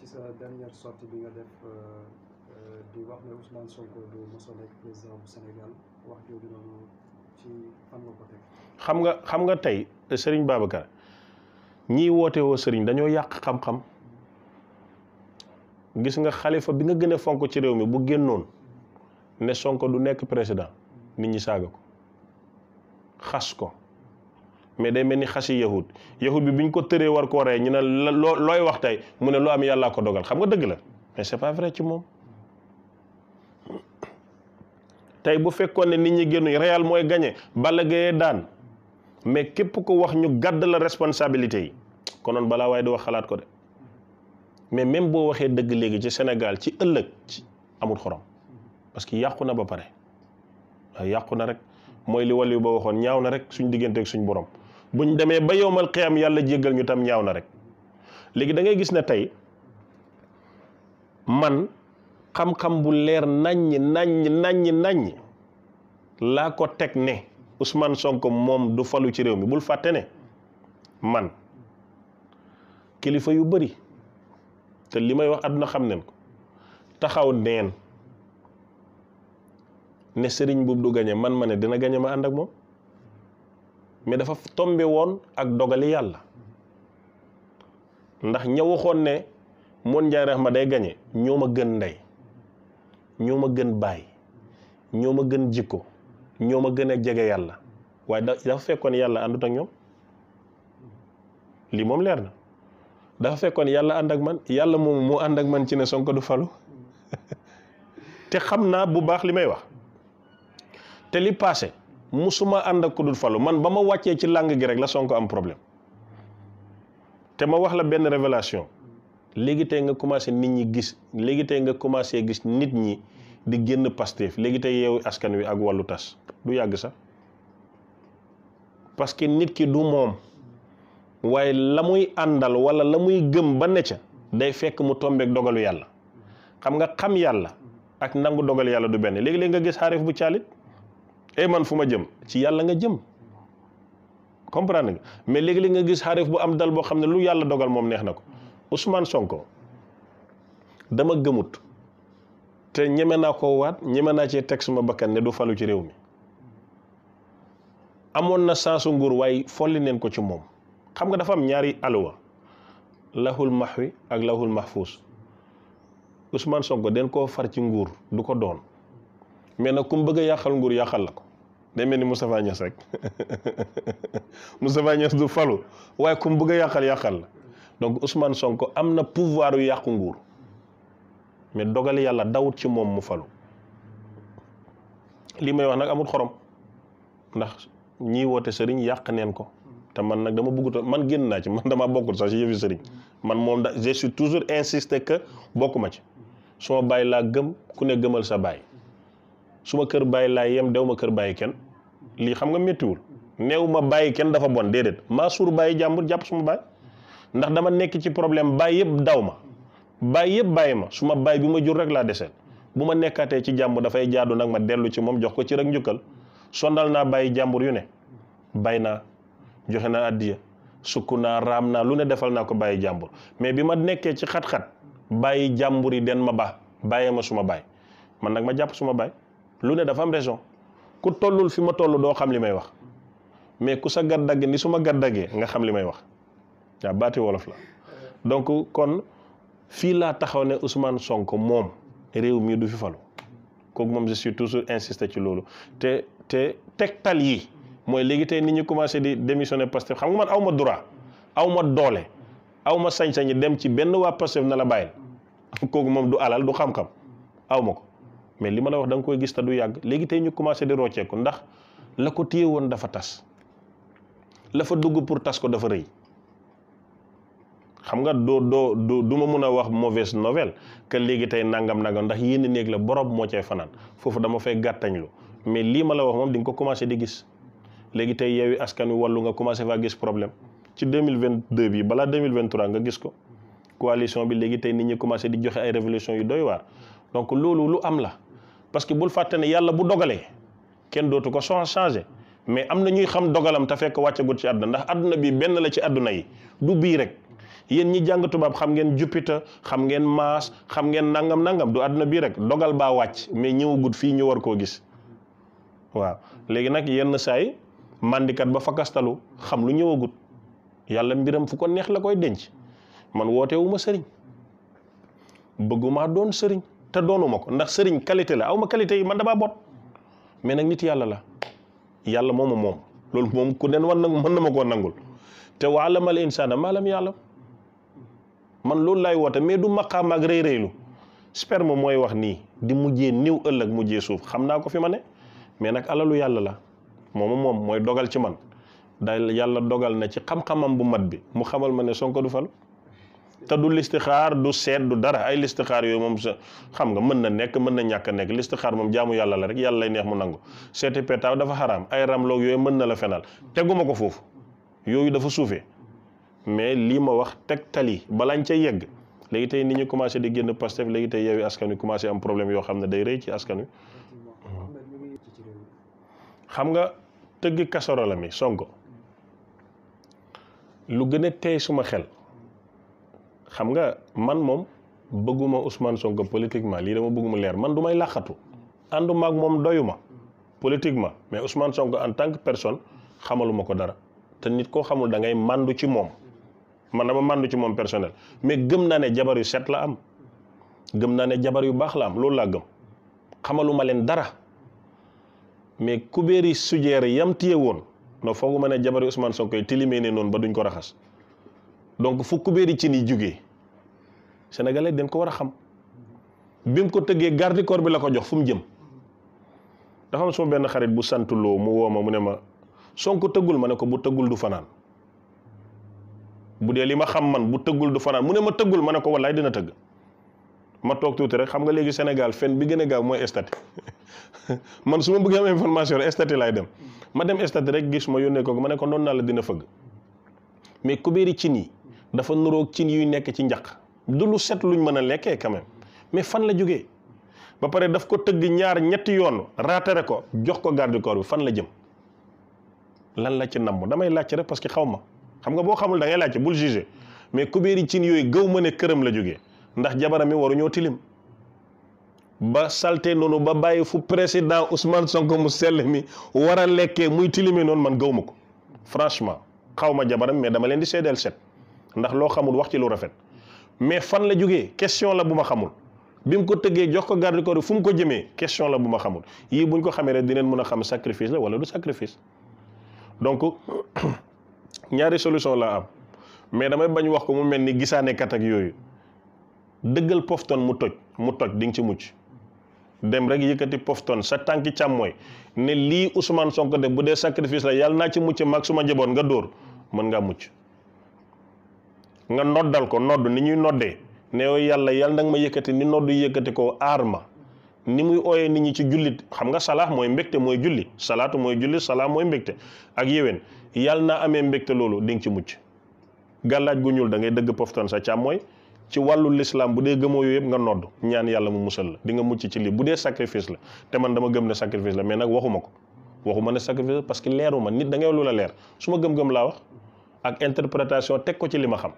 ci sa dernière sortie bi nga def euh, euh, di wax ne Ousmane Sonko du xam nga xam nga tey euh, Serigne Babacar ñiy woote woo sëriñ dañoo yàq xam-xam gis nga xalifa bi nga gën a fonk ci réew mi bu génnoon ne Sonko du nekk président nit ñi saaga ko xas ko. mais day mel ni xasi yahud yahud bi bu ñu ko tëree war koo rey ñu ne loo looy wax tey mu ne loo am yàllaa ko dogal xam nga dëgg la mais c'est pas vrai ci moom tey bu fekkoon ne nit ñi génnuñ Real mooy gagné Balla Gaye daan mais képp ko wax ñu gàdd la responsabilité yi konoon balaa waaye di wax xalaat ko de mais même boo waxee dëgg léegi ci Sénégal ci ëllëg ci amul xorom parce que yàqu na ba pare waaye yàqu na rek mooy li wàll yu ba waxoon ñaaw na rek suñ diggante ak borom buñ demee ba yowmal xiyaam yàlla jéggal ñu tam ñaaw na rek léegi dangay gis ne tey man xam-xam bu leer naññ naññ naññ naññ laa ko teg ne Ousmane Sonko moom du falu ci réew mi bul fàtte ne man kilifa yu bëri te li may wax àdduna xam nen ko taxaw neen ne sëriñ bu du gañe man ma ne dina gañe ma ànd ak moom mais dafa tombe woon ak dogali yàlla ndax ña waxoon ne moon njaay ma day gañe ñoo ma gën ndey ñoo ma gën baay ñoo ma gën jikko ñoo ma gën a jege yàlla waaye dafa fekkoon yàlla àndut ñoom lii moom leer na dafa fekkoon yàlla ànd ak man yàlla moom mu ànd ak man ci ne Sonko du falu te xam naa bu baax li may wax te li passé musuma ànd ak ku dul falu man ba ma wàccee ci làng gi rek la sonk am problème te ma wax la benn révélation léegi tey nga commencé nit ñi gis léegi tey nga commencé gis nit ñi di génn Pastef léegi tey yeewu askan wi ak wallu tas du yàgg sax parce que nit ki du moom waaye la muy àndal wala la muy gëm ba ne ca day fekk mu tombeek dogalu yàlla xam nga xam yàlla ak nangu dogal yàlla du benn léegi-léegi nga gis xaarif bu caalit e man fu ma jëm ci yàlla nga jëm comprendre mais léegi-léeg nga gis xaarif bu am dal boo xam ne lu yàlla dogal moom neex na ko Ousmane Sonko dama gëmut te ñeme naa ko waat ñeme naa cee teg suma bakkan ne du falu ci réew mi amoon na saasu nguur waaye folli neen ko ci moom xam nga dafa am ñaari aluwa lahul mahwi ak lahul mahfuus Ousmane Sonko den koo far ci nguur du ko doon mais na kum mu bëgg yàqal nguur yàqal la ko day mel ni Moustapha Niass rek Moustapha Niass du falu waaye comme mu bëgg yàqal yàqal la donc Ousmane Sonko am na pouvoir yu yàqu nguur mais dogal yàlla dawut ci moom mu falu lii may wax nag amul xorom ndax ñii woote sëriñ yàq neen ko te man nag dama bëggut man génn naa ci man dama bokkul sax ci yëfi sëriñ man moom da je suis toujours insisté que bokkuma ci suma bàyyi laa gëm ku ne gëmal sa bàyyi suma kër bàyyi laa yem dew ma kër bàyyi kenn lii xam nga méttiwul néew ma bàyyi kenn dafa bon déedéet maa suur bàyyi jàmbur jàpp suma baay ndax dama nekk ci problème bàyyi yëpp daw ma bàyyi yëpp bàyyi ma su ma bàyyi bi ma jur rek laa deseel bu ma nekkaatee ci jàmbur dafay jaadu nag ma dellu ci moom jox ko ci rek njukkal sondal naa bàyyi jàmbur yu ne bay naa joxe naa addiya sukk naa raam naa lu ne defal naa ko bàyyi jàmbur mais bi ma nekkee ci xat bàyyi jàmbur yi den ma ba bàyyee ma suma baay man nag ma jàpp suma baay lu ne dafa am reson ku tollul fi ma toll doo xam li may wax mais ku sa gaddagg ni su ma gaddagee nga xam li may wax waaw baati wolof la donc kon fii laa taxaw ne Ousmane sonk moom réew mii du fi falu kook moom su suis toujours insisté ci loolu te te tegtal yi mooy léegi tey nit ñi commencé di démissionner Pastef xam nga man aw ma droit aw ma doole aw ma sañ dem ci benn waa Pastef na la bàyyil kooku moom du alal du xam-xam aw ma ko. mais li ma la wax danga nga koy gis te du yàgg léegi tey ñu commencé di rocceeku ndax la ko téye woon dafa tas la fa dugg pour tas ko dafa rëy xam nga doo doo du du ma mun a wax mauvaise nouvelle que léegi tey nangam nangam ndax yenn néeg la borom moo cay fanaan foofu dama fay gàttañlu mais lii ma la wax moom di nga ko commencé di gis léegi tey yeewi askan wi wàllu nga commencé faa gis problème ci 2022 bi balaa 2023 nga gis ko coalition bi léegi tey nit ñi commencé di joxe ay révolution yu doy waar donc loolu lu am la parce que bul fàtte ne yàlla bu dogalee kenn dootu ko so changé mais am na ñuy xam dogalam te fekk wàccagut ci àdduna ndax àdduna bi benn la ci àdduna yi du bii rek yéen ñi jàng tubaab xam ngeen Jupiter xam ngeen Mars xam ngeen nangam nangam du àdduna bii rek dogal baa wàcc mais ñëwagut fii ñu war koo gis waaw léegi nag yenn saay màndikat ba fakastalu xam lu ñëwagut yàlla mbiram fu ko neex la koy denc man woote wu ma sëriñ bëgguma doon sëriñ te doonuma ko ndax sëriñ qualité la aw ma qualité yi man damaa bot mais nag nit yàlla la yàlla mooma moom loolu moom ku nen war nag mën na koo nangul te wa alamal insaana maa lam yàlla man loolu laay woote mais du maqaam ak rëy rëylu sperme mooy wax nii di mujjee niw ëllëg mujjee suuf xam naa ko fi ma ne mais nag alalu yàlla la moom moom mooy dogal ci man daal yàlla dogal na ci xam-xamam bu mat bi mu xamal ma ne Sonko du falu te du xaar du seet du dara ay listixaar yooyu moom sa xam nga mën na nekk mën na ñàkk nekk list xaar moom jaamu yàlla la rek yàlla lay neex mu nangu seeti petaaw dafa xaraam ay ramloog yooyu mën na la fenal teguma ko foofu yooyu dafa suufee mais lii ma wax teg tegtali balaañ ca yegg léegi tey nit ñu commencé di génn Pastef léegi tey Yewwi Askan Wi commencé am problème yoo xam ne day rëy ci askan wi xam nga tëgg kasoro la mi Sonko lu gën a tey suma xel xam nga man moom bëgguma Ousmane Sonko politiquement lii dama bëgg mu leer man du may làqatu ànduma maak moom doyuma politiquement mais Ousmane Sonko en tant que personne xamaluma ko dara te nit koo xamul dangay ngay màndu ci moom man dama màndu ci moom personnel mais gëm naa ne jabar yu set la am gëm naa ne jabar yu baax la am loolu laa gëm xamaluma leen dara mais kubéeri sujeer yam téye woon no fooguma ne jabar yu Ousmane Sonko yi tilimee ne noonu ba duñ ko raxas donc fu kubéeri cin yi jugee sénégalais dañ ko war a xam bi mu ko tëggee garde corps bi la ko jox fu mu jëm dafa am sama benn xarit bu sant loo mu woo ma mu ne ma Sonko tëggul ma ne ko bu tëggul du fanaan bu dee li ma xam man bu tëggul du fanaan mu ne ma tëggul ma ne ko wallaay dina tëgg ma toog tuuti rek xam nga léegi Sénégal fen bi gën a gaaw mooy stati man su ma bëggee am information rek stati laay dem ma dem stati rek yónnee ko ma ne ko naa la dina fëgg mais kubéeri cin yi dafa nuroog cin yuy nekk ci njaq du lu set luñ mën a lekkee quand mais fan la jógee ba pare daf ko tëgg ñaar ñetti yoon raatare ko jox ko garde bi fan la jëm lan la ci namm damay laajte rek parce que xaw ma xam nga boo xamul da ngay bul jugé mais kubéeri cin yooyu gëw ma ne këram la jógee ndax jabaram yi ñoo tilim ba salte noonu ba bàyyi fu président Ousmane Sonko mu sell mi war a lekkee muy tilime noonu man gaw ma ko franchement xaw ma jabaram mais dama leen di seedeel set ndax loo xamul wax ci lu rafet mais fan la jógee question la bu ma xamul bi mu ko tëggee jox ko garde corps fu mu ko jëmee question la bu ma xamul yii buñ ko xamee rek dinañ mën a xam sacrifice la wala du sacrifice donc ñaari solution laa am mais damay bañ wax ko mu mel ni gisaane kat ak yooyu dëggal pofton mu toj mu toj di nga ci mucc dem rek yëkkati pofton sa tànki càmmooy ne lii Ousmane Sonko def bu dee sacrifice la yàlla naa ci mucc mag suma njaboot nga dóor mën ngaa mucc nga noddal ko nodd ni ñuy noddee neew yàlla yàlla nag ma yëkkati ni nodd yëkkati ko aar ma ni muy ooyee nit ñi ci jullit xam nga salaax mooy mbégte mooy julli salaatu mooy julli salaam mooy mbégte ak yéwén yàlla naa amee mbégte loolu di ci mucc gàllaaj gu ñuul da ngay dëgg poftan sa càmmooy ci wàllu lislaam bu dee gëmoo yooyu yëpp nga nodd ñaan yàlla mu musal la dinga mucc ci lii bu dee sacrifice la te man dama gëm ne sacrifice la mais nag waxuma ko waxuma ne sacrifice parce que leeruma nit da ngay lu la leer su ma gëm-gëm laa wax ak interprétation teg ko ci li ma xam